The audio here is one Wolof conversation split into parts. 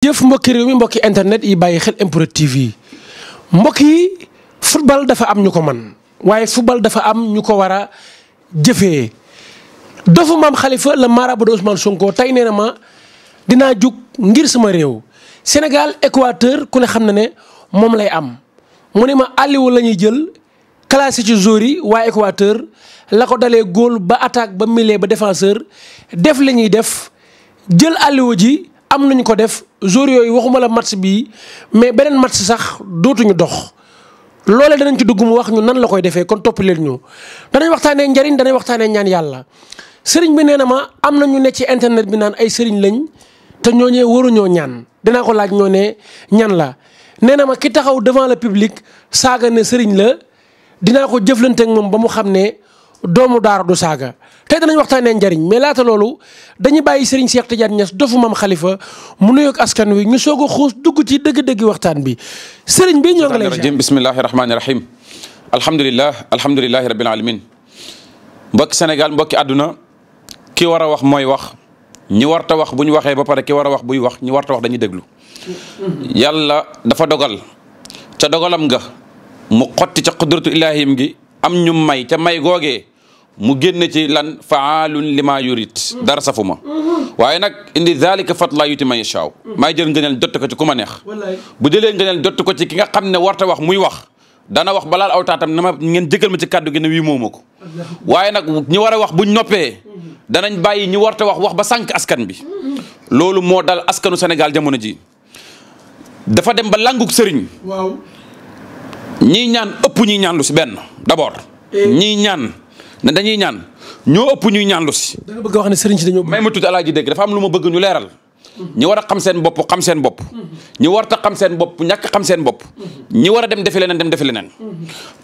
jëf mbokki réew mi mbokki internet yi bàyyi xel MPROD TV mbokk yi football dafa am ñu ko man waaye football dafa am ñu ko war a jëfee dofu maam xalifa la marabout de Ousmane Sonko tey nee na ma dinaa jug ngir sama réew Sénégal Équateur ku ne xam na ne moom lay am mu ne ma Aliou lañuy jël classé ci joueur yi waa Équateur la ko dalee góol ba attaque ba mile ba défenseur def li ñuy def jël Aliou ji am nañu ko def jour yooyu waxuma la match bii mais beneen match sax dootuñu dox loole danañ ci dugg mu wax ñu nan la koy defee kon topp leen ñu danañ waxtaanee njariñ danañ waxtaanee ñaan yàlla sëriñ bi nee na ma am na ñu ne ci internet bi naan ay sëriñ lañ te ñooñee waruñoo ñaan dinaa ko laaj ñoo ne ñan la nee na ma ki taxaw devant le public saaga ne sëriñ la dinaa ko jëflante ak moom ba mu xam ne doomu daara du saaga tey danañ waxtaanee njariñ mais laata loolu dañuy bàyyi Serigne Cheikh Tidiane Niass dofu maam xalifa mu nuyoog askan wi ñu soog a xuus dugg ci dëgg-dëgg waxtaan bi Serigne bi ñoo ngi lay rajim bismillahi rahmaani rahim alhamdulilah alhamdulilahi rabbil alamin mbokki Sénégal mbokki àdduna ki war a wax mooy wax ñi warta wax bu ñu waxee ba pare ki war a wax buy wax ñi warta wax dañuy déglu yàlla dafa dogal ca dogalam nga mu xotti ca qudratu ilaahim am ñu may ca may googee mu génn ci lan faalun lima yurid dara safuma waaye nag indi zalika fadla yuti man yashaaw maay jël ngëneel dott ko ci ku ma neex bu jëlee ngëneel dott ko ci ki nga xam ne warta wax muy wax dana wax balaal aw taatam na ma ngeen jëgal ma ci kàddu gi ne wii mooma ko waaye nag ñi war a wax buñ noppee danañ bàyyi ñi warta wax wax ba sànq askan bi loolu moo dal askanu Sénégal jamono ji dafa dem ba languk sëriñ waaw ñaan ëpp ñii ñaan lu si benn d'abord eh. ñi ñaan na dañuy ñaan ñoo ëpp ñuy ñaanlu si. da bëgg wax ne sëriñ dañoo. may ma tudd alaaji dégg dafa am lu ma bëgg ñu leeral. ñi war a xam seen bopp xam seen bopp. ñi warta xam seen bopp ñàkk xam seen bopp. ñu war a dem defi leneen dem defi leneen.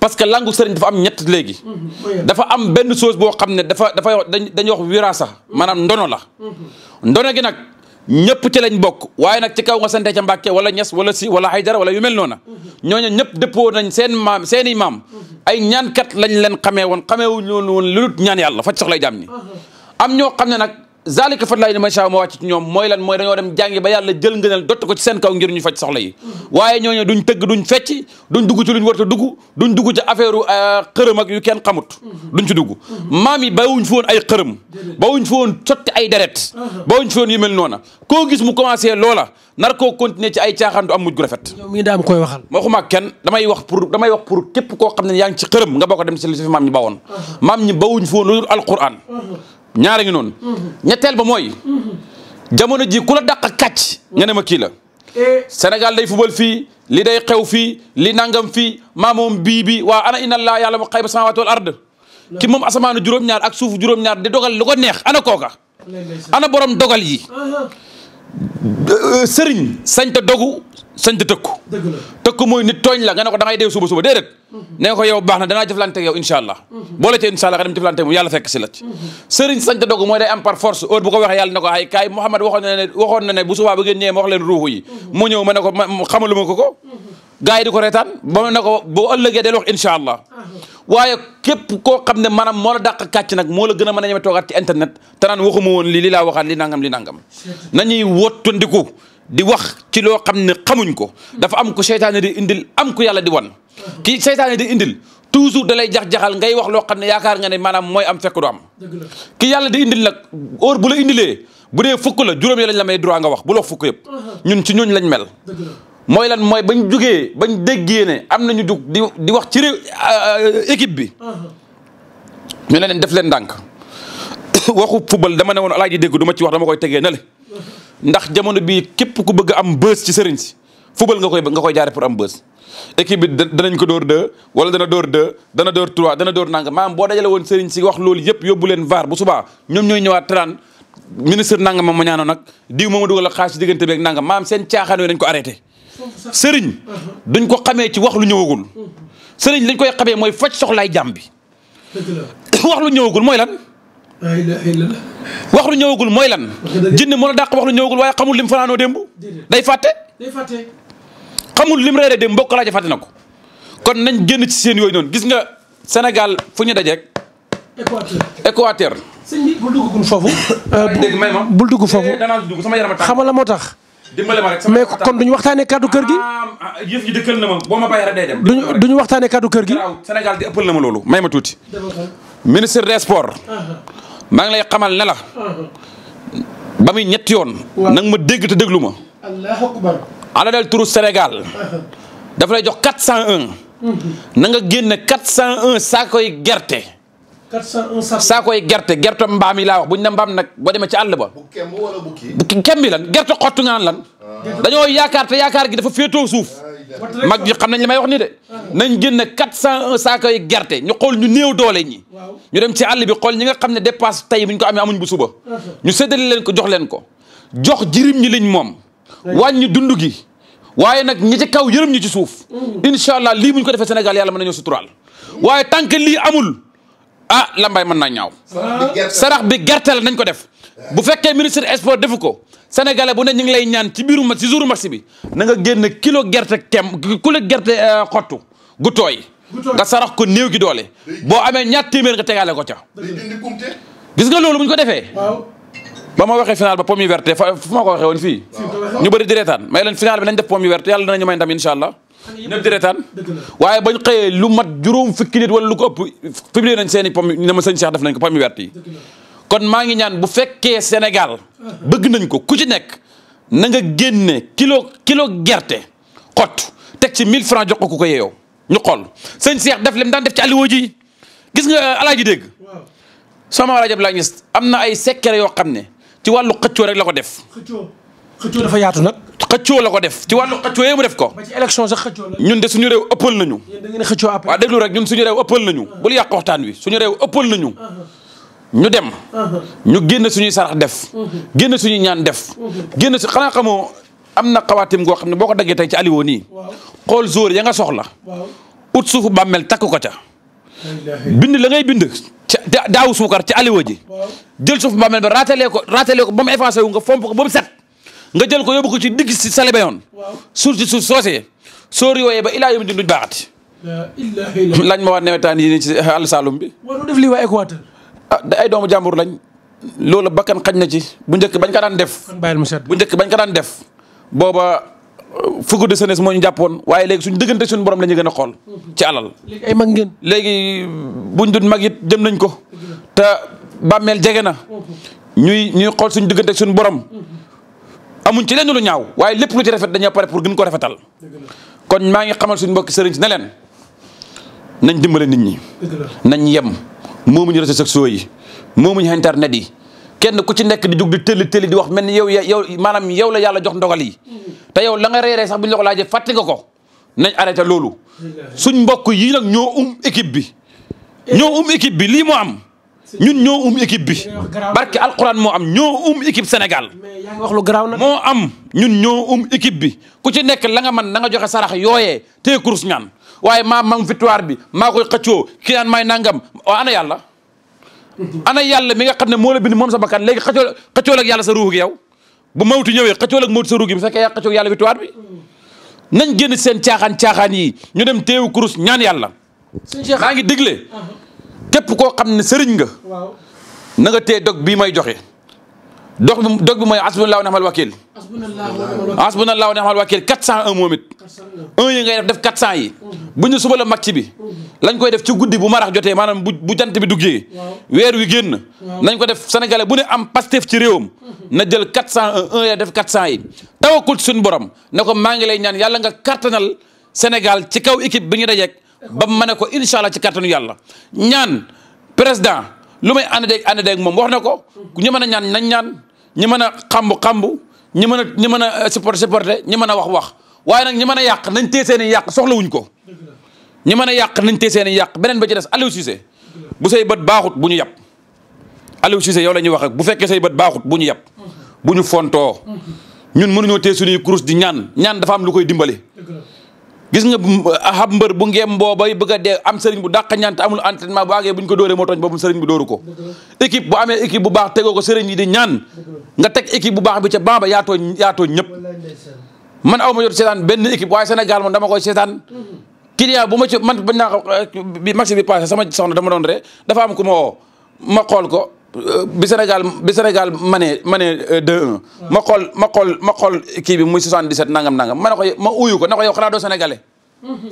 parce que langu sëriñ dafa am ñett léegi. dafa am benn soos boo xam ne dafa dafa dañuy wax wiraasa maanaam ndono la. ndono gi nag. ñëpp ci lañ bokk waaye nag ci kaw nga sante ca Mbàkke wala ñes wala si wala Haydara wala yu noona ñooñu ñëpp dëppoo nañ seen maam seen i maam ay lañ leen xamee woon xamee wuñ woon lu dul ñaan yàlla faj soxlay jàmm ñi uh-huh. am ñoo xam ne nag zalika fadlaa yi man shaa moo ci ñoom mooy lan mooy dañoo dem jàngi ba yàlla jël ngëneel dott ko ci seen kaw ngir ñu faj soxla yi waaye ñooñu duñ tëgg duñ fecc duñ dugg ci luñ warta dugg duñ dugg ci affaire euh, xërëm ak yu kenn xamut duñ ci dugg maam yi bawuñ fi woon ay xërëm bawuñ fi woon sotti ay deret bawuñ fi woon yu mel noona koo gis mu commencé loola nar koo continuer ci ay caaxaan du am mujj gu rafet yow mii daa am koy waxal ma xumaa kenn damay wax pour damay wax pour képp koo xam ne yaa ngi ci xërëm nga bokk dem ci li fi maam ñi bawoon maam ñi bawuñ ñaara ngi noonu. Mhm. ñetteel ba mooy. Mhm. jamono ji ku la dàq kàcc. nga ne ma kii la. Eh. Sénégal day fubal fii li day xew fii li nangam fii maam moom bii bi waa ana inna allah yàlla ma xayba samaawaati wal ard ki moom asamaanu juróom-ñaar ak suufu juróom-ñaar di dogal lu ko neex ana kooka. ana borom dogal yi. Euh, sëriñ sañ ta dogu sañ ta tëkku tëkku mooy nit tooñ la nga ko da ngay dee suba suba déedéet mhm. ne nga ko yow baax na danaa jëflante ak yow incha allah mhm. boo la ci incha allah nga dem jëflante moom yàlla fekk si la mhm. sëriñ sañ ta dogu mooy day am par force heure bu ko waxee yàlla ne ko ay kaay Mouhamad waxoon ne ne bu subaa ngeen ñëwee ma wax leen ko gaa yi di ko reetaan ba mu ne ko boo ëllëgee del wax incha allah waaye képp koo xam ne maanaam moo la dàq kàcc nag moo la gën a mën a ñeme toogaat ci internet te naan waxuma woon lii li laa waxaat li nangam li nangam nañuy wottandiku di wax ci loo xam ne xamuñ ko dafa am ko seytaane di indil am ku yàlla di wan ki seytaane di indil toujours da lay jax-jaxal ngay wax loo xam ne yaakaar nga ne maanaam mooy am fekk doo am ki yàlla di indil nag heure bu la indilee bu dee fukk la juróom ya lañ la may droit nga wax bu la fukk yëpp uh-huh. ñun ci ñooñ lañ mel mooy lan mooy bañ jugee bañ déggee ne am na ñu jug di di wax ci réew euh, équipe bi. Uh-huh. ñu ne leen def leen ndànk waxu football dama ne woon alaaji dégg du ma ci wax dama koy tegee na le uh-huh. ndax jamono bii képp ku bëgg am bës ci sëriñ si football nga koy nga koy jaare pour am bës. équipe bi danañ ko dóor deux wala dana dóor deux dana dóor trois dana dóor nangam maanaam boo dajale woon sëriñ si wax lool yëpp yóbbu leen vaar bu subaa ñoom ñooy ñëwaat trente ministre nangam ma ñaanoon nag diw moomu dugal ak xaalis diggante beeg nangam maam seen caaxaan yooyu ko arrêté. sëriñ duñ ko xamee ci wax lu ñëwagul sëriñ lañ koy xamee mooy faj soxlaay jàmm bi wax lu ñëwagul mooy lan wax lu ñëwagul mooy lan jinn moo a dàq wax lu ñëwagul waaye xamul lim fanaanoo démb day fàtte xamul lim reere démb mbokk laaja fàtte na ko kon nañ génn ci seen yooyu noonu gis nga Sénégal fu ñu dajeek Équateur Équateur sëñ bi bul dugg foofu bul dugg foofu eh, xamala moo tax dimbale ma rek sama mais kon duñu waxtaanee kaddu kër gi. Ah, ah, yëf yi dëkkal na ma boo ma bàyyi rek day dem. duñu duñu waxtaanee kaddu kër gi. Sénégal di ëppal na ma loolu may ma tuuti. ministre des sports. Uh-huh. maa ngi lay xamal ne la. Uh-huh. ba muy ñetti yoon. na ma dégg te déglu ma. allahu akbar. ala del turu Sénégal. Uh-huh. dafa lay jox 401. na nga génne 401 saakoy gerte. 401 saa koy gerte gerte mbaam yi laa wax bu ñu ne mbaam nag boo demee ci àll ba. bu kemb wala bukki kembi lan gerte xottu ngaan lan. Ah. dañoo yaakaar te yaakaar gi dafa féetoo suuf. mag ñi xam nañ li may wax ni de. Ah. nañ génne 401 saa koy gerte ñu xool ñu néew doole ñi. ñu dem ci àll bi xool ñi nga xam ne dépasse tey bu ko amee amuñ bu suba. Ah, ñu séddale leen ko jox leen ko. jox jirim ñi liñ moom. wàññi dund gi. waaye nag ñi ci kaw yërëm ñi ci suuf. Mm. incha allah lii bu ko defee Sénégal yàlla mën ma na mm. waaye tant que lii ah lambaay mën naa ñaaw. sarax bi gerte la nañ ko def. bu fekkee ministre sport defu ko sénégalais bu ne ñu ngi lay ñaan ci biiru ma ci jouru match bi na nga génn kilo gerte kem kilo gerte euh, xottu gu tooy. nga sarax ko néew gi doole. boo amee ñaar téeméer nga tegaale ko ca. gis nga loolu bu ko defee. ba ma waxee final ba pomme yu verte fu ma ko waxee woon fii. ñu bëri di may leen final bi nañ def pomme yu verte yàlla dinañu may ndam incha allah. ñëpp di retaan waaye bañ xëyee lu mat juróom fukki nit wala lu ko ëpp publié nañ seeni i pom ne ma sëñ Cheikh def nañ ko pomme verte kon maa ngi ñaan bu fekkee Sénégal bëgg nañ ko ku ci nekk na nga génne kilo kilo gerte xott teg ci mille francs jox ko ku ko yeeyoo ñu xool sëñ Cheikh def lim daan def ci aliwo ji gis nga alaaji dégg sama rajo bi laa gis am na ay secret yoo xam ne ci wàllu xëccoo rek la ko def. xëccoo xëccoo dafa yaatu na xëccoo la ko def ci wàllu xëccoo yee mu def ko. ba ci sax xëccoo la. ñun de suñu réew ëppal nañu. yéen da ngeen xëccoo après. waaw déglu rek ñun suñu réew ëppal nañu. bul wi suñu réew ëppal nañu. ñu dem. ñu génn suñuy sarax def. génn suñu ñaan def. génn su xanaa xamoo am na xawaatim goo xam ne boo ko daggee tey ci Aliou nii. xool zóor ya nga soxla. ut suufu bàmmeel takk ko ca. bind la ngay bind. ca daawu suukar ci Aliou ji. jël suufu bàmmeel ba raatale ko raatale ko ba mu wu nga fomp ko ba set nga jël ko yóbbu ko ci digg si sale bayoon suuf si suuf soosee sóor yooyee ba ilaa yom din duñ baaxati lañ ma waa nawetaan yi ni ci àll Saalum bi waru def lii waa Équateur ah ay doomu jàmbur lañ loolu bakkan xañ na ci bu njëkk bañ ko daan def bu njëkk bañ ko daan def booba euh, fukki de senes moo ñu jàppoon waaye léegi suñ dëggante suñu borom la ñu gën a xool ci alal ay mag ngeen léegi buñ dut mag it nañ ko te bàmmeel jege na ñuy xool suñ diggante suñu borom amuñ ci lenn lu ñaaw waaye lépp lu ci rafet dañoo pare pour gën ko rafetal kon maa ngi xamal suñ mbokki sëriñ si ne leen nañ dimbale nit ñi nañ yem moomuñu réseaux sociaux yi moomuñu internet yi kenn ku ci nekk di jug di tëlli tëlli di wax mel ni yow yow maanaam yow la yàlla jox ndogal yi te yow la nga reeree sax bu ñu la ko fàtte nga ko nañ arrêté loolu suñ mbokk yi nag ñoo um équipe bi ñoo um équipe bi lii moo am ñun ñoo um équipe bi barke al moo am ñoo um équipe Sénégal moo am ñun ñoo um équipe bi ku ci nekk la nga man na nga joxe sarax yooyee tey course ñaan waaye maa mam victoire bi maa koy xëccoo ki naan may nangam waaw ana yàlla ana yàlla mi nga xam ne moo la bind moom sa bakkan léegi xëccoo xëccoo ak yàlla sa ruux gi yow bu mawtu ñëwee xëccoo ak mawtu sa ruux gi bu fekkee yaa xëccoo yàlla victoire bi nañ génn seen caaxaan caaxaan yi ñu dem teewu kurus ñaan yàlla maa ngi digle ah. képp koo xam ne sëriñ nga. waaw na nga tee dog bii may joxe. dog bi dog bi mooy asbunallahu ni'mal wakil. asbunallahu ni'mal wakil 401 moom it. 401 un yi ngay def def 400 yi. bu ñu suba la màcc bi. Mm-hmm. lañ koy def ci guddi bu marax jotee maanaam bu bu jant bi duggee. weer wi génn. nañ ko def sénégalais bu ne am pastef ci réewam. Mm-hmm. na jël 401 un yi def 400 yi. tawakkul suñu borom ne ko maa ngi lay ñaan yàlla nga kattanal Sénégal ci kaw équipe bi ñu dajeeg ba mu mën a ko incha allah ci kattanu yàlla président lu may ànd deeg ànd deeg moom wax na ko ñu mën a ñaan nañ ñaan ñu mën a xambu xambu ñu mën a ñu mën a euh, supporter supporter ñu mën a wax wax waaye nag ñi mën a yàq nañ tee seen i yàq soxlawuñ ko ñi mën a yàq nañ tee seen i yàq beneen ba ci des Aliou bu say bët baaxut bu ñu yàpp Aliou Cissé yow la ñuy wax ak bu fekkee say bët baaxut bu ñu yàpp bu ñu fontoo ñun mënuñoo tee suñuy kurus di ñaan ñaan dafa am lu koy dimbali gis nga ahab mbër bu ngeem boobay bëgg a dee am sëriñ bu dàq ñaan te amul entraînement bu àggee bu ñu ko dóoree moo tooñ boobu sëriñ bi dóoru ko équipe bu amee équipe bu baax tegoo ko sëriñ yi di ñaan nga teg équipe bu baax bi ca bamba yaa tooñ yaa tooñ ñëpp man aw ma jot seetaan benn équipe waaye Sénégal moom dama koy seetaan client bu ma man bañ naa eh, bi match bi passé sama soxna dama doon ree dafa am ku ma ma xool ko Euh, bi Sénégal bi Sénégal ma ne ma ne ma xool ma xool ma xool kii bi muy 77 nangam nangam ma ne ko ma uyu ko ne ko yow xanaa doo sénégalais. mu mm-hmm.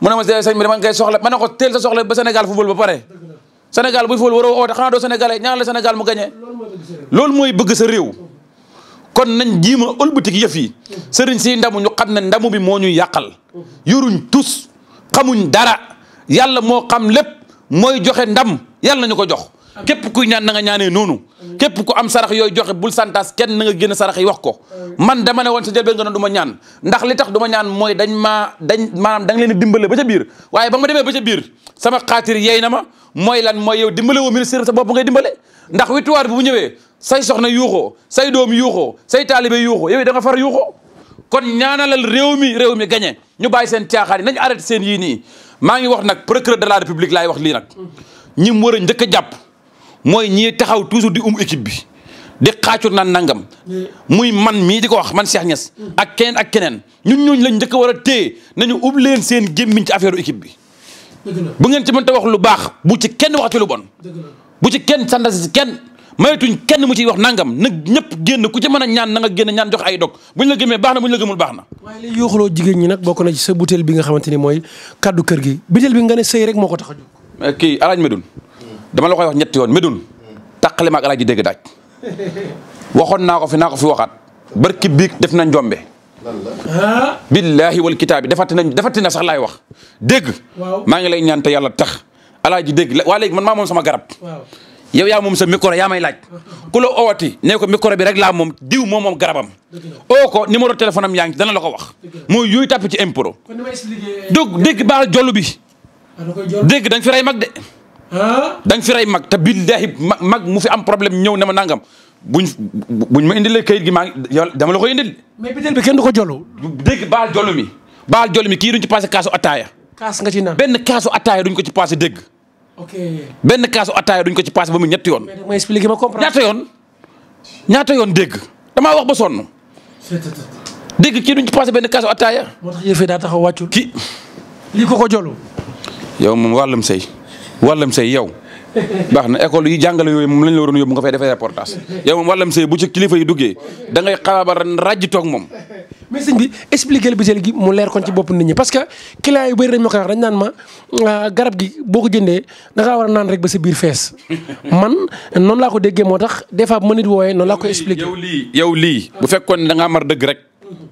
ne ma eh, bi dama soxla ma ne ko teel sa soxla ba Sénégal football ba pare. Sénégal buy football waroo woote xanaa doo sénégalais ñaan la Sénégal mu gagné. loolu mooy bëgg sa réew. Mm-hmm. kon nañ jiima a ëlbatik yëf yi. Mm-hmm. sëriñ si ndamu ñu xam na ndamu bi moo ñuy yàqal. yoruñ tus xamuñ dara yàlla moo xam lépp mooy joxe ndam yàlla nañu ko jox. képp kuy ñaan na nga ñaanee noonu képp ku am sarax yooyu joxe bul santaas kenn na nga sarax yi wax ko man dama ne woon sa jëlbeen nga ne du ñaan ndax li tax du ñaan mooy dañ maa dañ maanaam da nga leen ba ca biir waaye ba demee ba ca biir sama xaatir yeey na mooy lan mooy yow dimbale woo ministre sa bopp ngay dimbale ndax wituwaar bi bu ñëwee say soxna yuuxoo say doom yuuxoo say taalibe yuuxoo yow far yuuxoo kon ñaanalal réew mi réew mi gagné ñu bàyyi seen caaxaan yi nañ arrêté seen yii nii maa ngi wax nag procureur de la république laay wax lii nag ñi mu war njëkk a jàpp mooy ñii taxaw toujours di um équipe bi di xaacur naan nangam muy man mii di ko wax man Cheikh Niass ak keneen ak keneen ñun ñooñu lañ njëkk a war a téye nañu ub leen seen gémmiñ ci affaire équipe bi. bu ngeen ci mën ta wax lu baax bu ci kenn wax ci lu bon. bu ci kenn sandasi si kenn mayatuñ kenn mu ciy wax nangam nag ñëpp génn ku ci man a ñaan na nga génn ñaan jox ay dog buñ la gëmee baax na buñ la gëmul baax na. waaye li yooxaloo jigéen ñi nag bokk na ci sa butéel bi nga xamante ni mooy kaddu kër gi butéel bi nga ne sëy rek moo ko tax a jóg. Eh, kii alaaj Medoune dama la koy wax ñetti yoon Médoune taqale ma ak alaaji dégg daaj waxoon naa ko fi naa ko fi waxaat barki biig def na njombe billaahi wal kitaabi defati nañ defati na sax laay wax dëgg maa ngi lay ñaan yàlla tax alaaji dégg waa léegi man maa moom sama garab yow yaa moom sa micro yaa may laaj ku loo oowati nee ko micro bi rek laa moom diw moom moom garabam oo ko numéro téléphone am yaa ngi dana la ko wax mooy yooyu tàpp ci impro dog dégg baal jollu ah, dañ fi mag de dañ fi rey mag te billahi mag mu fi am problème ñëw ne ma nangam buñ buñ ma indilee kayit gi maa ngi dama la koy indil. mais bitel bi kenn du ko jolu dégg baal jolu mi baal jolu mi kii duñ ci passé kaasu ataaya. kaas benn kaasu ataaya ko ci passé dégg. benn kaasu ataaya duñ ko ci passé ba mu ñetti yoon. mais expliqué ñaata yoon ñaata yoon dégg damaa wax ba sonn. dégg kii duñ ci passé benn kaasu ataaya. moo tax daa taxaw wàccul. kii lii ko ko jolu yow moom mu sey wàllam sëy yow baax na école yi jàngale yooyu moom lañ la waroon yóbbu nga fay defee reportage yow moom wàllam sëy bu ci kilifa yi duggee da ngay xalaabal ràjj toog moom. mais sëñ bi expliqué la biseel gi mu leer ci bopp nit ñi parce que client yu bëri dañ ma ko wax naan ma ah, garab gi boo ko jëndee da war naan rek ba sa biir fees man noonu laa ko déggee moo tax des fois wooye ma nit wooyee noonu laa ko expliqué. yow lii lii bu fekkoon ne da mar dëgg rek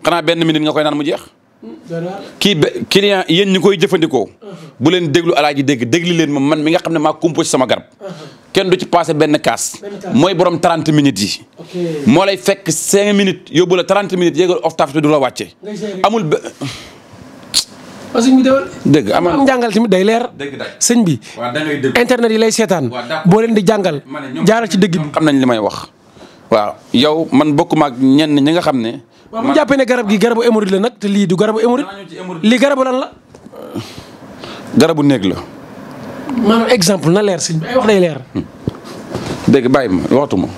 xanaa benn minute nga koy naan mu jeex. kii ba client yéen ñi koy jëfandikoo. Uh-huh. bu leen déglu alaaji dégg dégli leen ma man mi nga xam ne maa composé sama garab. Uh-huh. kenn du ci passé benn kaas. mooy borom 30 minutes yi. moo lay fekk 5 minutes yóbbu la 30 minutes yéegal of taf du la wàcce. amul ba. parce que ñu déglu. dëgg am am jàngal tamit day leer. dëgg sëñ bi. internet yi lay seetaan. boo leen di jàngal. jaaral ci dëgg bi. xam nañ li may wax. waaw yow man bokkuma ak ñenn ñi nga xam ne. waaw mu jàppee ne garab gi garabu hémorroïde la nag te lii du garabu hémorroïde lii garabu lan la. garabu néeg la. maanaam exemple na leer si ay wax day leer. dégg bàyyi ma waxatuma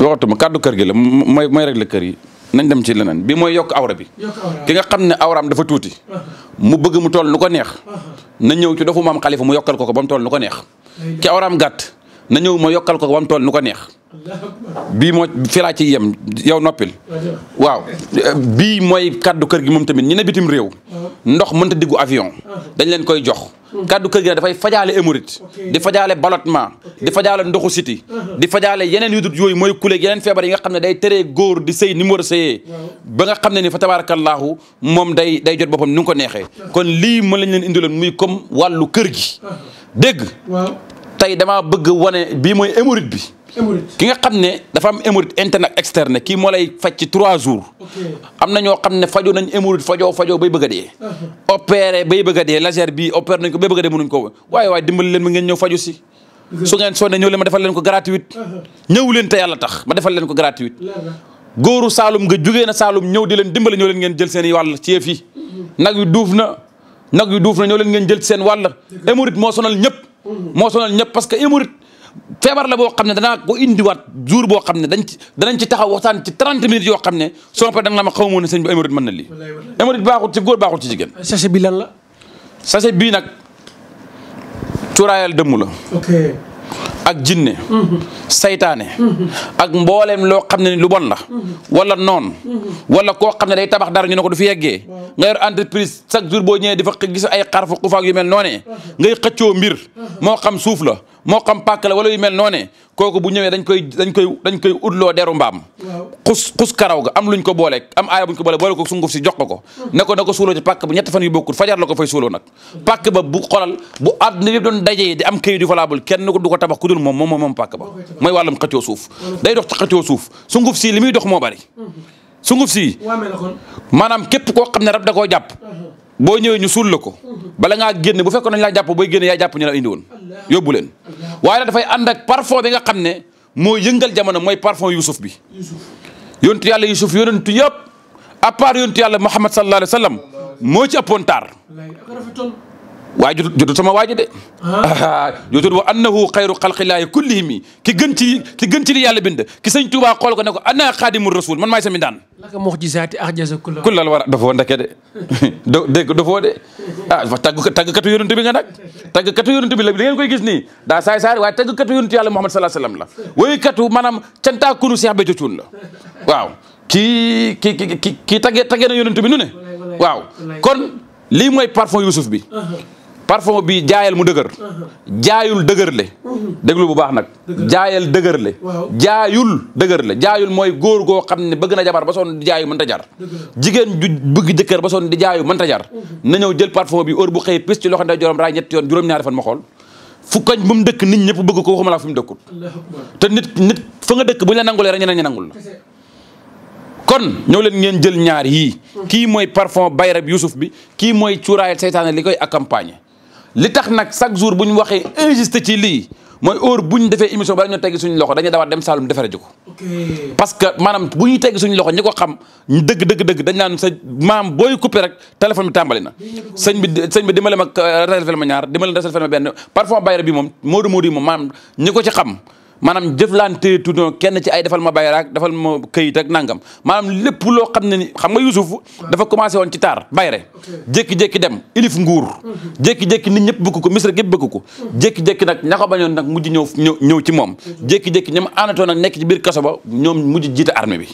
waxatuma kàddu kër gi la mooy mooy régler kër yi nañ dem ci leneen bi mooy yokk awra bi. ki nga xam ne awraam dafa tuuti. mu bëgg mu toll nu ko neex. na ñëw ci dofu maam xalifa mu yokkal ko ko ba mu toll nu ko neex. ki awraam gàtt na ñëw ma yokkal ko ko ba toll nu ko neex. bii moo fi laa ci yem yow noppil waaw bii mooy kaddu kër gi moom tamit ñu ne bitim réew ndox mënta diggu avion dañ leen koy jox kaddu kër gi nag dafay fajaale émorite di fajaale ballottement di fajaale ndoxu siti di fajaale yeneen yu yooyu mooy kuléeg yeneen feebar yi nga xam ne day teree góor di sëy ni mu war a sëyee ba nga xam ne ni fa tabaarakallaahu moom day day jot boppam ni ko neexee kon lii mën lañ leen indiloon muy comme wàllu kër gi dégg tey damaa bëgg wane bii mooy émorite bi ki nga xam ne dafa am hémorroïde interne ak externe kii moo lay faj ci trois jours. am na ñoo xam ne fajoo nañ hémorroïde fajoo fajoo bay bëgg a dee. Ah, ah. opéré bay bëgg a dee laser bi opéré nañ ko bay bëgg a dee mënuñ ko waaye waaye dimbali leen mi ngeen ñëw faju si. su ngeen sonnee ñëw leen ma defal leen ko gratuite. Ah, ñëw leen te yàlla tax ma defal leen ko gratuite. góoru Saalum nga jugee na Saalum ñëw di leen dimbali ñëw leen ngeen jël seen i wàll ci yëf yi. nag duuf na nag yu duuf na ñëw leen ngeen jël seen wàll. hémorroïde moo sonal ñëpp. Mm-hmm. moo sonal ñëpp que feebar la boo xam ne danaa ko indiwaat jur boo xam ne dañ ci danañ ci taxaw waxtaan ci 30 minutes yoo xam ne soo paree da ma xaw ma ne sëñ bi hémorroïde mën na lii. hémorroïde baaxul ci góor baaxul ci jigéen. sachet bi lan la. sachet bii nag cuuraayal dëmm ak jinne mhm. saytaane. Mhm. ak mbooleem loo xam ne lu bon la. Mhm. wala noon. wala koo xam ne day tabax dara ñu ne ko du fi yeggee. nga yor entreprise chaque jour boo ñëwee di fa gis ay xarfu xufaak yu mel noone ngay xëccoo mbir. moo xam suuf la. moo xam pakk la wala yu mel noonee kooku bu ñëwee dañ koy dañ koy dañ koy utloo deru mbaam xus xus karaw ga am luñ ko boole am aaya buñ ko boole boole ko sunguf si jox ko ko hmm. ne ko na ko suuloo ci pàkk ba ñett fan yu bokkul fajar hmm. bu xolal bu àdduna yëpp doon dajee di am këyit yu valable kenn ko du ko tabax ku dul moom moom moom moom pàkk ba mooy wàllum xëccoo suuf day dox xëccoo suuf sunguf si li muy dox moo bari hmm. sunguf si maanaam képp koo xam ne rab da koo jàpp boo ñëwee ñu suul la ko bala ngaa génn bu fekkoon nañ laa jàpp booy jàpp ñu la indi yóbbu leen waaye nag dafay ànd ak parfum bi nga xam ne moo yëngal jamono mooy parfum Youssouf bi. yontu yàlla Youssouf yonentu yëpp à part yontu yàlla Muhammad sallallahu alayhi wa sallam moo ci waaye jotul sama waaji de ah. wa annahu xayru xalqillaahi kullihim yi ki gën ci ki gën ci li bind ki sëñ Tuubaa xool ko ne ko ana xaadimu rasul man maay sami daan laka muxjisaati ahjasa kullal wara dafoo ndake de dégg dafoo de ah tagg tàggkatu yonent bi nga nag tàggkatu yonent bi la ngeen koy gis nii daa saay saar waaye tàggkatu yonent yàlla Muhammad sallallahu alayhi wa sallam la woykatu maanaam cantaakunu Seex Béthio la waaw ki ki kii tagge tagge na yonent bi nu ne waaw kon lii mooy parfum Youssouf bi uh-huh. parfum bi jaayal mu dëgër jaayul dëgër le déglu bu baax nag jaayal dëgër le jaayul dëgër le jaayul mooy góor goo xam ne bëgg na jabar ba soon di jaayu mënta jar jigéen ju bëgg jëkkër ba soon di jaayu mënta jar na ñëw jël parfum bi heure bu xëy pis ci loxo ndey jorom raay ñetti yoon juróom-ñaari fan ma fu kañ bu mu dëkk nit ñëpp bëgg ko waxuma laa fu mu dëkkul te nit nit fa nga dëkk bu ñu la nangulee rek ñeneen ñi nangul kon ñëw leen ngeen jël ñaar yii kii mooy parfum bayrab yusuf bi kii mooy cuuraayal seytaane li koy accompagner li tax nag chaque jour bu waxee injuste ci lii mooy heure bu ñu defee émission bala ñu teggi suñu loxo dañuy dawaat dem Saalum defaree ji parce que maanaam bu ñuy teggi suñu loxo ñi ko xam ñu dëgg dëgg dañ naan sa maam booy coupé rek téléphone bi tàmbali na. sëñ bi sëñ bi dimbale ma euh, réservé ma ñaar dimbale réservé ma benn parfois bayre bi moom Modou Modou yi moom maam ñi ko ci xam. maanaam jëflante tuddoo kenn ci ay defal ma bayraak defal ma këyit ak nangam maanaam lépp loo xam ne ni xam nga Youssouf dafa commencé woon ci taar bayre jékki-jékki dem ilif nguur jékki-jékki ni ñëpp bëgg ko misra gépp bëgg ko jékki-jékki nag ña ko bañoon nag mujj ñëw ñëw ñëw ci moom jékki-jékki ñoom àndatoon nag nekk ci biir kaso ba ñoom mujj jiite armée bi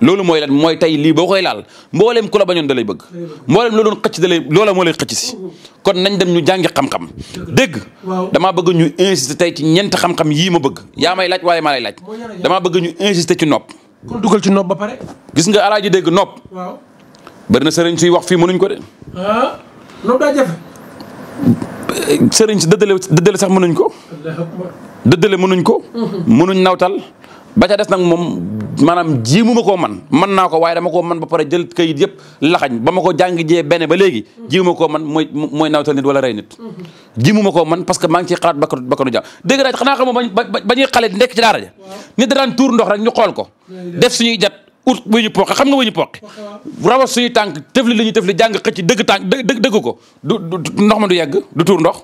loolu mooy lan mooy tey lii boo koy laal mbooleem ku la bañoon da lay bëgg mbooleem loolu doon xëcc da lay loola moo lay xëcc si kon nañ dem ñu jàngi xam-xam dégg damaa bëgg ñu insister tey ci ñeenti xam yii ma bëgg yaamay laaj waaye maa lay laaj damaa bëgg ñu insister ci nopp. kon dugal ci nopp ba pare. gis nga alaaji dégg nopp. waaw na sëriñ si wax fii mënuñ ko de. ah nopp daa jafe. sëriñ si dëddale dëddale sax mënuñ ko. dëddale mënuñ ko. Mm-hmm. mënuñ nawtal ba ca des nag moom maanaam jiimuma ko man man naa ko waaye dama ko man ba pare jël kayit yëpp laxañ ba ma ko jàng jee benn ba léegi jiimuma ko man mooy mooy nawtal nit wala rey nit jiimuma ko man parce que maa ngi ciy xalaat bakkanu bakkanu jàmm dëgg daaj xanaa xamoo ba ñuy xale nekk ci daara ja nit da daan tuur ndox rek ñu xool ko def suñuy jat ut bu ñu poqe xam nga bu ñu poqe rawas suñuy tànk tëfli li ñuy tëfli jàng xëcc dëgg tànk dëgg dëgg ko du ndox ma du yegg du tuur ndox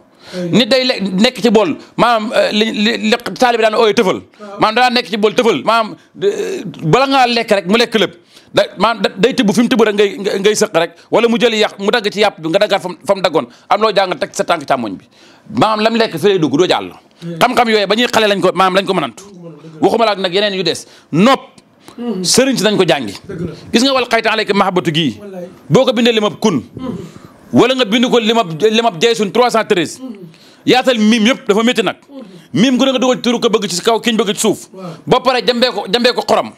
nit day nekk ci bool maanaam euh, li li taalibi daan ooyee tëfal maanaam danaa nekk ci bool tëfal maanaam euh, bala ngaa lekk rek mu lekk lépp da maanaam day tibb fi mu tibb rek ngay ngay sëq rek wala mu jël yàq mu dagg ci yàpp bi nga daggaat fa mu daggoon am loo jàng teg sa tànk càmmoñ bi maanaam lam lekk fi lay dugg doo jàll hmm. xam-xam yooyu ba ñuy xale lañ ko maanaam lañ ko mënantu waxuma laak nag yeneen yu des nopp hmm. sëriñ si nañ ko jàngi gis nga wal xayta aleyka mahabatu gi boo ko bindee limab kun hmm. wala nga bind ko limab limab jaysun 313 yaatal miim yëpp dafa métti nag miim gu ne nga dugal turu ko bëgg ci kaw kiñ bëgg ci suuf ba pare jambee ko jambee ko xorom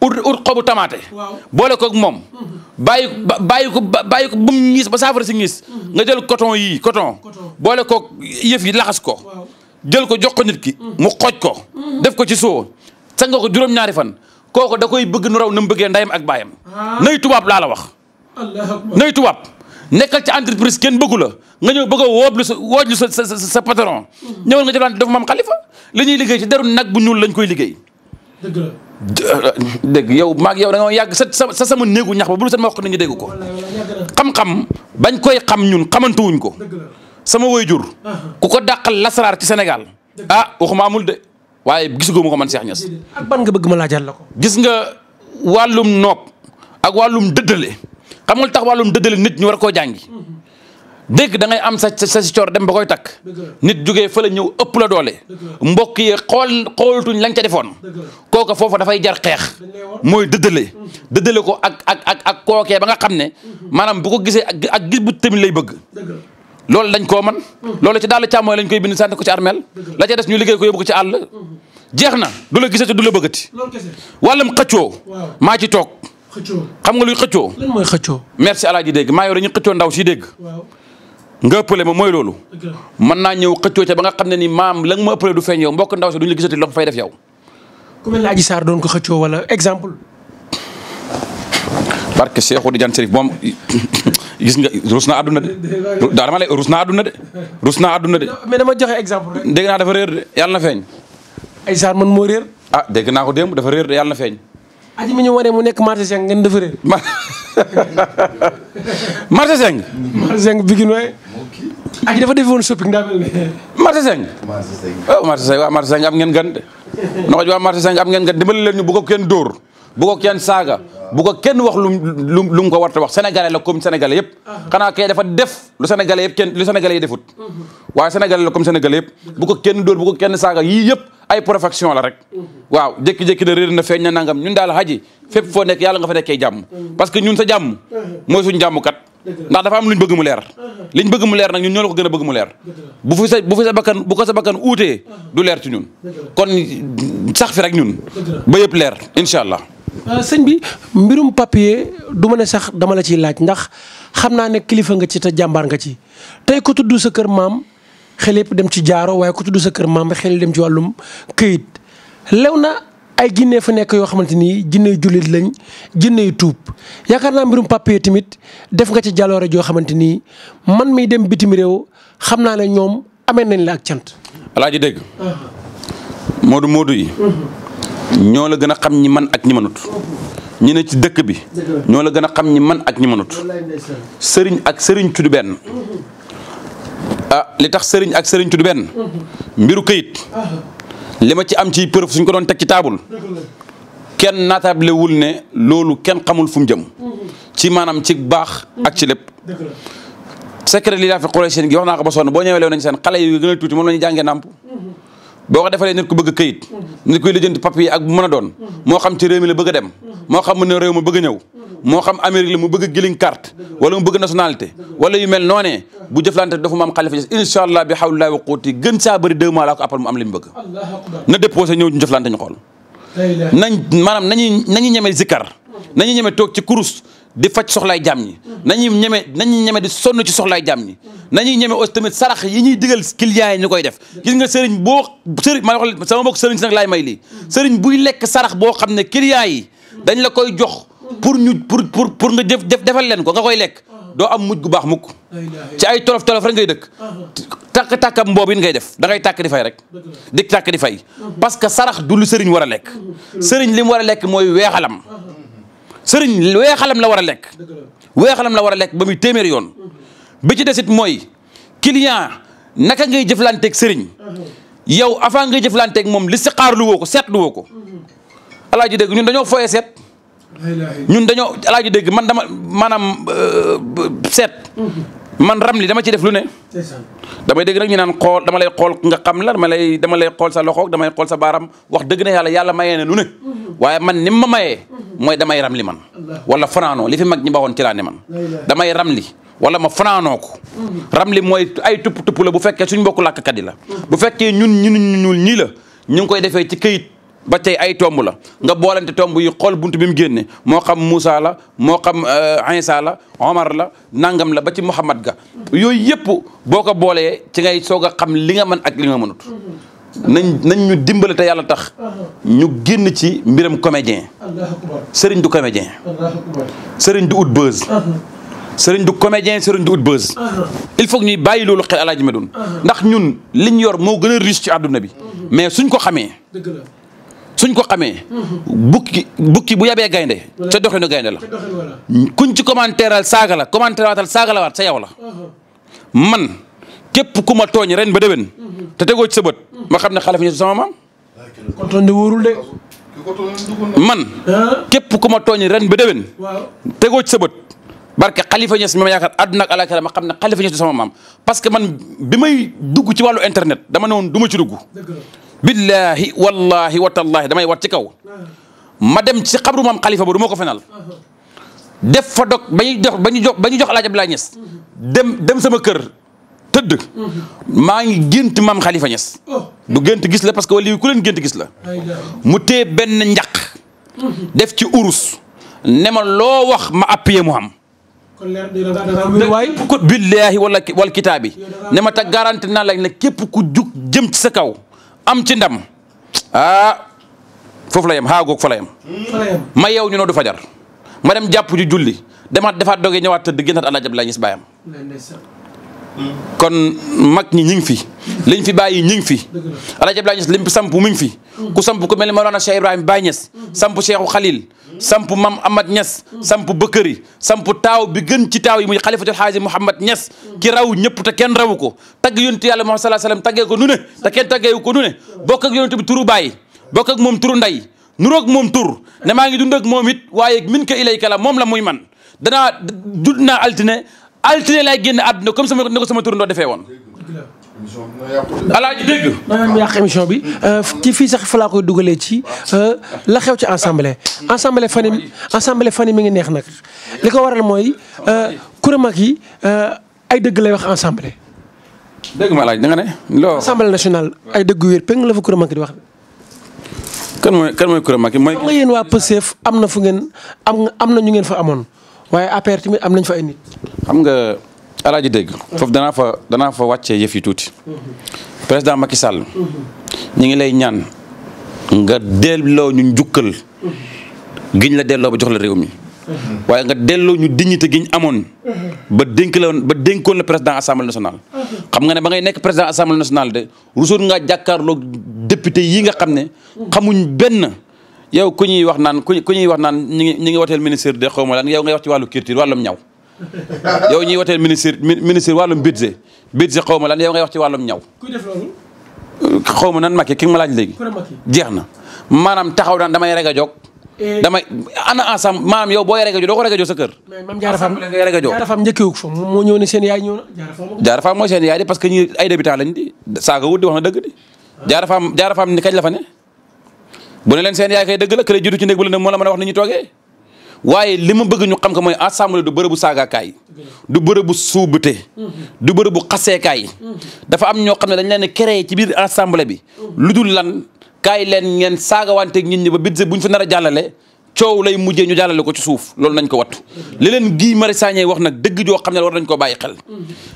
ut ut xobu tamaate boole koog moom bàyyi bàyyi ko bàyyi ko bu mu ba saafara si ñiis nga jël coton yii coton boole koog yëf yi laxas ko jël ko jox ko nit ki mu xooj ko mm-hmm. def ko ci soo sanga ko juróom fan kooku da koy bëgg nu raw na mu bëggee ndayam ak baayam ah. nay tubaab laa la wax nay tubaab nekkal ci entreprise kenn bëggu la nga ñëw bëgg a wooblu sa woojlu sa sa sa patron. ñëwal nga jëflante dafa maam xalifa li ñuy liggéey ci deru nag bu ñuul lañ koy liggéey. dëgg la. dëgg euh, yow maag nga yàgg sa sa sama néegu ñax ba bu lu sama wax ko nit ñi dégg ko. xam-xam bañ koy xam ñun xamantuwuñ ko. sama jur ku ko dàqal lasaraar ci Sénégal. ah waxuma amul de waaye gisagoo ma ko man Cheikh Niass. ak ban nga bëgg ma laajal la ko. gis nga wàllum nopp ak wàllum dëddale. xam nga lu tax wàllum dëddale nit ñu war koo jàngi dégg da ngay am sa sa si coor dem ba koy takk nit jugee fa la ñëw ëpp la doole mbokk yi xool xoolatuñ lañ ca defoon kooka foofa dafay jar xeex mooy dëddale mm-hmm. dëddale ko ak ak ak ak kookee ba nga xam ne mm-hmm. maanaam bu ko gisee ak gis bu tamit lay bëgg loolu dañ koo man mm-hmm. loolu ci daal càmmooy lañ koy bind sant ko ci armeel la ca des ñu liggéey ko yóbbu ko ci àll jeex na du la gisati du la bëggati walla xëccoo maa ci toog xëccoo xam nga luy xëccoo. lan mooy xëccoo. merci alaaji dégg maa yor dañuy xëccoo ndaw si dégg. waaw nga ëppale ma mooy loolu. mën naa ñëw xëccoo ca ba nga xam ne ni maam la nga ma ëppale du feeñ yow mbokk ndaw si du la gisati loxo fay def yow. ku mel ne Adji Sarr ko xëccoo wala exemple. barke Cheikhou Tidiane Chérif moom gis nga rus naa àdduna de. daa dama lay rus naa àdduna de. rus naa àdduna de. mais dama joxe exemple rek. naa dafa réer de yàlla na feeñ. Adji Sarr man moo réer. ah dégg naa ko démb dafa réer de yàlla na feeñ aji mi ñu waree mu nekk marché seng ngeen defaree. marché seng. marché seng bigin waaye. aji dafa defee woon shopping daa mel ni. marché seng. Oh, marché seng am ngeen gan de. naka ji waa marché am ngeen gan dimbali leen ñu bu ko kenn dóor bu kenn saaga bu ko kenn wax lu lu lu mu ko war a wax sénégalais la comme sénégalais yëpp. xanaa kay dafa def lu sénégalais yëpp kenn lu sénégalais yi defut. Mhm. waaye sénégalais la comme sénégalais yëpp bu ko kenn dóor bu kenn saaga yii yëpp. ay protection la rek mhm. waaw jékki-jékki na réer na feeñ na nangam ñun daal xaji fépp foo nekk yàlla nga fa nekkee jàmm mhm. parce que ñun sa jàmm mhm. mooy suñu jàmm kat ndax dafa am luñ bëgg mu leer liñ bëgg mu leer nag ñun ñoo la ko gën a bëgg mu leer bu fi sa bu fi sa bakkan bu ko sa bakkan uutee du leer ci ñun kon sax fi rek ñun ba yëpp leer incha allah euh, sëñ bi mbirum papier du ma ne sax dama la ciy laaj ndax xam naa ne kilifa nga ci te jàmbaar nga ci tey ko tudd maam xel yëpp dem ci jaaro waaye ku tudd sa kër maam xel dem ci wàllum këyit lew na ay jinne fa nekk yoo xamante ni jinne yu jullit lañ jinne yu tuub yaakaar naa mbirum papier tamit def nga ci jaloore joo xamante ni man mii dem bitim réew xam naa ne ñoom amee nañ la ak cant. alaaji dégg. moodu moodu yi. ñoo la gën a xam ñi man ak ñi manut ne ci dëkk bi. ñoo la gën a xam ñi man ak ñi manut sëriñ ak sëriñ tudd benn. ah li tax sëriñ ak sëriñtu du benn mbiru këyit li ma ci am ci preuve suñ ko doon teg ci taabul kenn naatablewul ne loolu kenn xamul fu mu jëm ci maanaam ci baax ak ci lépp secret li daa fi gi wax naa ko boo ñëwee lew nañ seen xale yu gën tuuti moom la ñu jàngee nàmp boo ko defalee nit ku bëgg këyit nit kuy lijjanti papier ak bu mën moo xam ci réew mi la bëgg a dem moo xam mu ne réew ma bëgg a ñëw moo xam Amérique la mu bëgg a giliñ carte wala mu bëgg nationalité wala yu mel noonee bu jëflante dafa mu am xalifa Ñas incha allah bi hawlillaahi wa quwwati gën saa bëri deux mois laa ko appal mu am li mu bëgg na déposé ñëw ñu jëflante ñu xool nañ maanaam nañuy nañuy ñeme zikkar nañuy ñeme toog ci kurus di faj soxlaay jàmm ñi nañuy ñeme nañuy ñeme di sonn ci soxlaay jàmm ñi nañuy ñeme aussi tamit sarax yi ñuy digal clients yi ñu koy def gis nga sëriñ boo sëriñ ma wax sama mbokk sëriñ si laay may lii sëriñ buy lekk sarax boo xam ne clients yi dañ la koy jox pour ñu pour pour pour nga def def defal leen ko nga koy lekk doo am mujj gu baax mukk ci ay tolof tolof ngay dëkk tàkk tàkkam mboobu ngay def da ngay tàkk di fay rek di tàkk di fay parce que sarax du lu sëriñ war a lekk sëriñ li war a lekk mooy weexalam sëriñ weexalam la war a lekk. weexalam la war a lekk ba muy téeméer yoon. Mhm. bi ci desit mooy client naka ngay jëflanteeg sëriñ. Mhm. yow avant ngay jëflanteeg moom li si ko seetlu woo ko. Mhm. alaaji dégg ñun dañoo foyee seet. ñun dañoo alaaji dégg man dama maanaam euh, seet. man ram li dama ci def lu ne. damay dégg nag ñu naan xool dama lay xool nga xam la dama lay dama lay xool sa loxoog damay xool sa baaram wax dëgg na yàlla yàlla mayee na lu ne. Mhm. waaye man ni ma mayee. mooy damay ram li man. wala fanaanoo li fi mag ñi baxoon ci laa ne man. damay ram li wala ma fanaanoo ko. Mhm. ram li mooy ay tupp tupp la bu fekkee suñ mbokku làkkat yi la. Mhm. bu fekkee ñun ñun ñuul ñii la ñu ngi koy defee ci kayit ba tey ay tomb la nga boolante tomb yi xool bunt bi mu génne moo xam Moussa la moo xam euh, Insa la Omar la nangam la ba ci Mouhamad ga yooyu yëpp boo ko boolee ci ngay soog a xam li nga mën ak li nga nañ nañ ñu dimbale te yàlla tax ñu génn ci mbiram comédien sëriñ du comédien sëriñ du ut buzz sëriñ du comédien sëriñ du ut buzz il faut ñuy bàyyi loolu xel alaaji ma doon ndax ñun liñ yor moo gën a riche ci àdduna bi mais suñ ko xamee suñ ko xamee. bukki bukki bu yabee gaynde ca doxinu gaynde la. kuñ ci commentéral saaga la commentaire waatal saaga la waat sa yow la. Uh-huh. man képp ku ma tooñ ren ba déwén. Uh-huh. te tegoo ci sa bët. ma xam ne xalif ñi sama maam. kon tooñ de wóorul ku ma tooñ ren ba déwén. tegoo ci sa bët. barke xalifa ñes mi ma yaakaar àdduna ak ma xam ne xalifa ñes du sama maam parce que man bi may dugg ci wàllu internet dama ne woon duma ci dugg. billaahi wallaahi watallaahi damay wat ci kaw ma dem ci xabru mam xalifa ba du ma ko fenal def fa dog ba ñuy jox ba ñuy jox ba ñuy jox dem dem sama kër tëdd maa ngi gént maam xalifa Niass du gént gis la parce que wala ku leen gént gis la mu tee benn njaq def ci urus ne ma loo wax ma appuyé mu am waay ko billaahi wala wal kitaabi ne ma ta garanti naa la ne képp ku jug jëm ci sa kaw am ci ndam ah foofu la yem xaagoog fa la yem. ma yow ñu noo du fajar ma dem jàpp ju julli demaat defaat doge ñëwaat tëdd génnaat El Hadj Abdoulaye Niass baayam kon mag ñi ñi ngi fi liñ fi bàyyi ñi ngi fi alaaj Abdoulaye Niass liñ samp mi fi ku samp ku mel ni Mawlana Cheikh Ibrahima baay Niass samp Cheikhu Khalil samp Mam Amad Niass samp Bëkkëri samp taaw bi gën ci taaw yi muy xalifatul xaaji Mouhamad Niass ki raw ñëpp te kenn rawu ko tagg yonent yàlla Muhammad sallallahu alayhi wasallam taggee ko nu ne te kenn taggeewu ko nu ne bokk ak yonent bi turu baay bokk ak moom turu ndey nuroog moom tur ne maa ngi dund ak moom it waaye min ka ilayka la moom la muy man danaa naa altine altine lay génn àdduna comme sama na ko sama turandoo defee woon. alaaji dégg. maanaam yàq émission bi euh, ci fii sax fa koy dugalee ci euh, la xew ci assemblée. assemblée fan yi assemblée fan mi ngi neex nag li ko waral mooy kuréel mag yi ay dëgg lay wax assemblée. dégg ma alaaji da nga ne. loo assemblée nationale ay dëgg wér péng la fa kuréel mag yi di wax. kan mooy kan mooy kuréel yi mooy. xam nga yéen waa PSEF am na fu ngeen am am na ñu ngeen fa amoon. waaye APR tamit am nañ fa ay nit. xam nga alaaji dégg. foofu danaa fa danaa fa wàccee yëf tuuti. président Macky Sall. ñu ngi lay ñaan nga delloo ñu njukkal. giñ la delloo ba jox la réew mi. waaye nga delloo ñu dignité gi ñu amoon. ba dénk la ba dénkoon la président assemblée nationale. xam nga ne ba ngay nekk président assemblée nationale de rusoon ngaa jàkkaarloog député yi nga xam ne. xamuñ benn. yow ku ñuy wax naan ku ñuy wax naan ñi ngi ñi ngi woteel ministre xaw ma lan yow ngay wax ci wàllu culture wàllum ñaw yow ñuy woteel ministre ministre wàllum budget budget xaw ma lan yow ngay wax ci wàllum ñaw. kuy def loolu. xaw ma nan Macky ki nga ma laaj léegi. jeex na maanaam taxaw naan damay rega jog damay ana ensemble maanaam yow booy rega jo doo ko rega jo sa kër. mais même Diarra Fam Diarra mooy seen yaay di parce que ñi ay débutant lañ di saako wut di wax na dëgg di. Ah. Diarra Fam Diarra la fa ne bu ne leen seen yaay kay dëgg la kële jiitu ci néeg bu la moo la mën a wax ni ñu waaye li ma bëgg ñu xam ko mooy assemblée du bërëbu saagaakaay du bërëbu suubute du bërëbu xaseekaay dafa am ñoo xam ne dañ leen créé ci biir assemblée bi lu dul lan kaay leen ngeen saagawante ak nit ñi ba budget bu ñu fi nar a jàllale coow lay mujjee ñu jàllale ko ci suuf loolu nañ ko wattu li leen Guy Marius Sagna wax nag dëgg joo xam ne war nañ ko bàyyi xel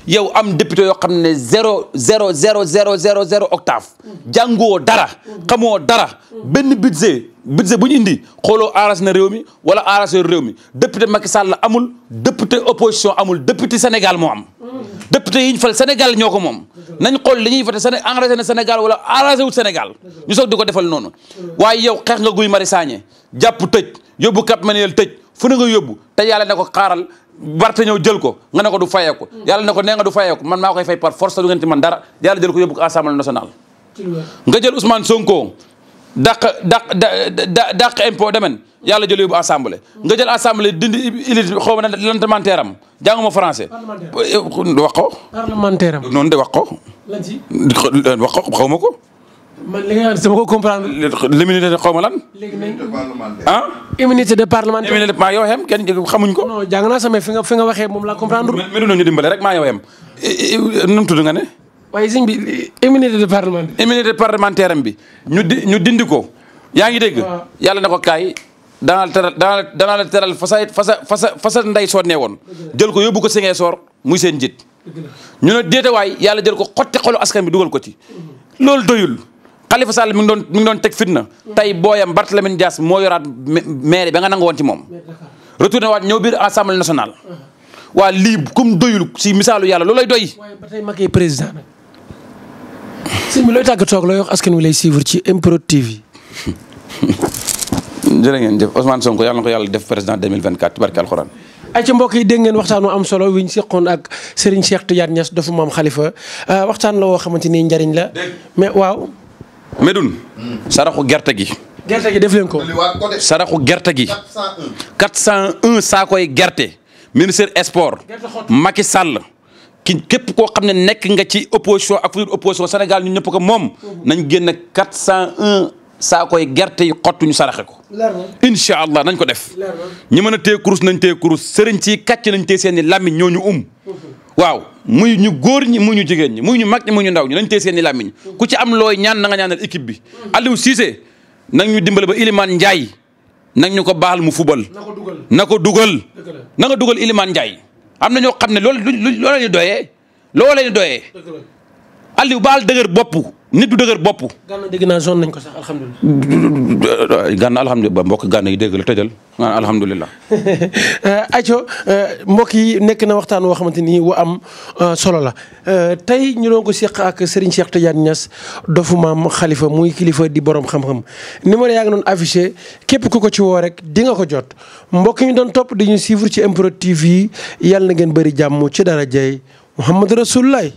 yow am député yoo xam ne zéro zéro zéro zéro zéro zéro octave jàngoo dara xamoo dara benn budget budget bu ñu indi xooloo arrangé na réew mi wala arrangé réew mi député Macky Sall la amul député opposition amul député Sénégal moo am. député yi ñu fal Sénégal ñoo ko moom. nañ xool li ñuy voté Séné arrangé na Sénégal wala arrangé wut Sénégal. ñu soog di ko defal noonu. waaye yow xeex nga Guy Marius Sagna jàpp tëj yóbbu Cap Manuel tëj fu ne nga yóbbu te yàlla ne ko xaaral. barte ñëw jël ko nga ne ko du fayee ko yàlla ne ko nee nga du fayee ko man maa koy fay par force du ngeen ci man dara yàlla jël ko yóbbu ko assemblée nga jël Ousmane Sonko dàq dàq dàq impôt domaine yàlla jël yóbbu assemblée nga jël assemblée dindi élite xaw ma ne parlementaire am jànguma français. wax ko. parlementaire am noonu de wax ko. wax xaw ma ko. man li nga xam ko comprendre. l'immunité de xaw ma lan. ah. immunité de parlementaire. immunité de maa yow kenn xamuñ ko. jàng naa sama fi nga waxee moom laa comprendre. melu na ñu dimbale rek maa yow xam nu nga ne. waaye sëñ bi immunité parlementaire. immunité parlementaire am bi ñu ñu dindi ko. yaa ngi dégg. yàlla na ko kaay danaa la teral danaa la teral fa sa fa sa fa ndey soo nee woon. jël ko yóbbu ko Ziguinchor muy seen njit ñu ne déetawaay yàlla jël ko xotti xolu askan bi dugal ko ci. loolu doyul. Khalifa Sall mi ngi doon mi ngi doon teg fitna. tey booyam Barthélémy Dias moo yoraat maire ba nga nangu woon ci moom. retourné waat ñëw biir assemblée nationale. Uh-huh. waa lii comme doyul si misaalu yàlla loolay doy. waaye sëñ bi looy tàggatoo ak looy wax askan wi lay suivre ci improtive yi jërë ngeen jëf Ousmane Sonko yàlla na ko yàlla def président 2024 barke alxuraan. ay ca mbokk yi dégg ngeen waxtaanu am solo wi ñu seqoon ak Serigne Cheikh Tidiane Niass dafa maam xalifa euh, waxtaan la woo xamante ni njariñ la. mais waaw. Médoune. Hmm. saraxu gerte gi. gerte gi def leen ko. saraxu gerte gi. 401 401 saakoy gerte. ministre sport. Macky Sall. ki képp koo xam ne nekk nga ci opposition ak futur opposition Sénégal ñu ñëpp ko moom nañ génn 401 saa koy gerte yi xottuñu saraxe ko incha allah nañ ko def ñi mën a téye kurus nañ téye kurus sëriñ si kàcc nañ téye seen i làmmiñ ñu um waaw muy ñu góor ñi muy ñu jigéen ñi muy ñu mag ñi muy ñu ndaw ñu nañ téye seen i làmmiñ ku ci am looy ñaan na ñaan ñaanal équipe bi Aliou Cissé nag ñu dimbale ba ilimaan Ndiaye nag ñu ko baal mu fubal na ko dugal na nga dugal Iliman Ndiaye am na ñoo xam ne loolu luñ loolu la ñu doyee loolu la doyee Aliou baal dëgër bopp nit du dëgër bopp. gànna dégg naa zone nañ ko sax alhamdulilah. gànna alhamdulilah mbokk gànna yi dégg la tëjal gànna ah, alhamdulilah. Aco eh, eh, mbokk yi nekk na waxtaan woo xamante ni wu am eh, solo la tey ñu doon ko seq ak Serigne Cheikh Tidiane Niass dofu maam xalifa muy kilifa di borom xam-xam numéro yaa ngi doon affiché képp ku ko ci woo rek di nga ko jot mbokk ñu doon topp di ñu suivre ci MPROD TV yi yàlla na ngeen bëri jàmm ci dara jëy Mouhamadou Rasulullah